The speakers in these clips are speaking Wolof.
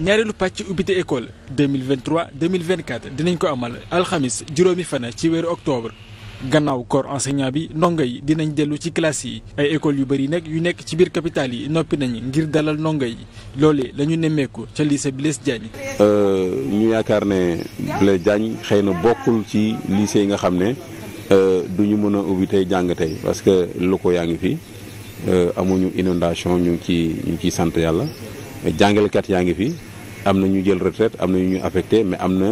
ñaareelu pàcc ubbite école 2023 2024 dinañ ko amal alxamis juróomi fana ci weeru octobre gannaaw corps enseignant bi ndongo yi dinañ dellu ci classe yi ay écoles yu bëri nag yu nekk ci biir capitale yi noppi nañ ngir dalal ndongo yi loolee la ñu nemmeeku ca lycée Blaise Diagne. Euh, ñu yaakaar ne Blaise Diagne xëy na bokkul ci lycée yi nga xam ne euh, du ñu mën a ubbi tey jàng tey parce que locaux yaa ngi fi euh, amuñu inondation ñu ngi ciy ñu ngi sant yàlla jàngalekat yaa ngi fi. am na ñu jël retraite am na ñu ñu affecté mais am na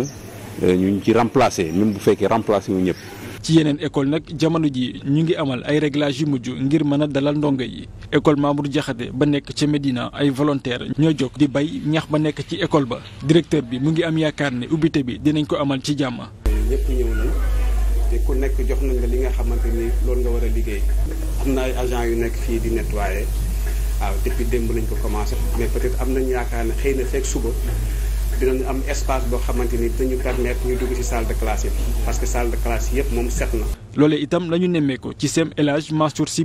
euh, ñu ñu ci remplacé même bu fekkee remplacé wu ñëpp. ci yeneen école nag jamono ji ñu ngi amal ay réglages yu mujj ngir mën a dalal ndongo yi école Mamour Diakhaté ba nekk ca Médina ay volontaire ñoo jóg di bay ñax ba nekk ci école ba directeur bi mu ngi am yaakaar ne ubbite bi dinañ ko amal ci jàmm. ñëpp ñëw nañ te ku nekk jox nañ la li nga xamante ni loolu nga war a liggéey. am na ay agents yu nekk fii di nettoyer. waaw depuis démb lañ ko commencé mais peut-être am nañu yaakaar ne xëy na fekk suba dinañu am espace boo xamante ni dinañu permettre ñu dugg ci salle de classe yi parce que salle de classe yëpp moom set na. loolee itam lañu ñu nemmeeku ci sem El Hadj Mansour Sy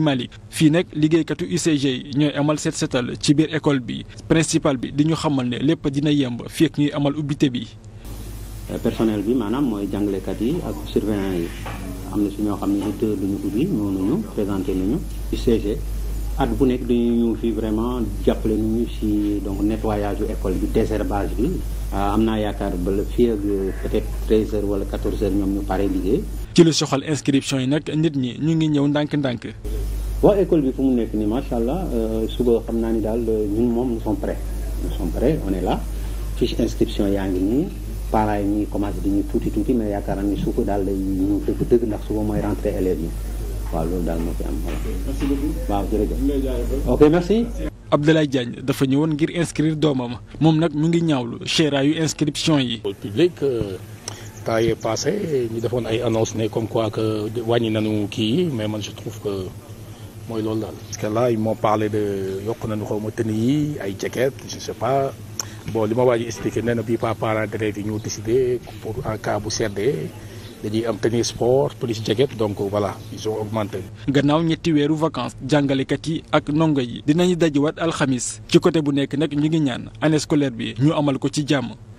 fii nag liggéeykatu UCG yi ñooy amal set setal ci biir école bi principal bi di ñu xamal ne lépp dina yemb fii ak ñuy amal ubbite bi. Euh, personnel bi maanaam mooy jàngalekat yi ak surveillant yi am na si ñoo xam ne heure du ñu ubbi ñëw nañu présenté nañu UCG. at bu nekk dañuy ñëw fii vraiment jàppale nu ñu si donc nettoyage bu école bi désherbage bi ah, am naa yaakaar ba la fii ak peut-être treize wala quatorze heures ñoom ñu pare liggéey. ci lu soxal inscription yi nag nit ñi ñu ngi ñëw ndànk-ndànk. waaw école bi fu mu nekk nii macha allah euh, suba xam naa ni daal euh, ñun moom nu sommes prêts nous sommes prêts on est là fiche inscription yaa ngi nii parents yi ñuy commencé di ñuy tuuti tuuti mais yaakaar naa ni suba daal day ñëw dëgg dëgg ndax suba mooy rentrée élèves yi. waaw loolu daal moo fi am xalaat waaw jërëjëf ok merci Abdoulaye Diagne dafa ñëwoon ngir inscrire doomam moom nag mu ngi ñaawlu chéra yu inscription yi public euh, temps yee passé ñu defoon ay annonce ne comme quoi que wàññi nañu kii yi mais man je trouve que mooy loolu daal parce que là ils m'ont parlé de yokk nañu xaw ma tenue yi ay jaquette je sais pas bon li ma waa ji expliqué nee na bii pas parents d'élèves yi ñoo décidé pour en cas bu seddee dañuy am tennis sport police jacket donc voilà ils ont augmenté. gannaaw ñetti weeru vacance jàngalekat yi ak ndongo yi dinañu wat alxamis ci côté bu nekk nag ñu ngi ñaan année scolaire bi ñu amal ko ci jàmm.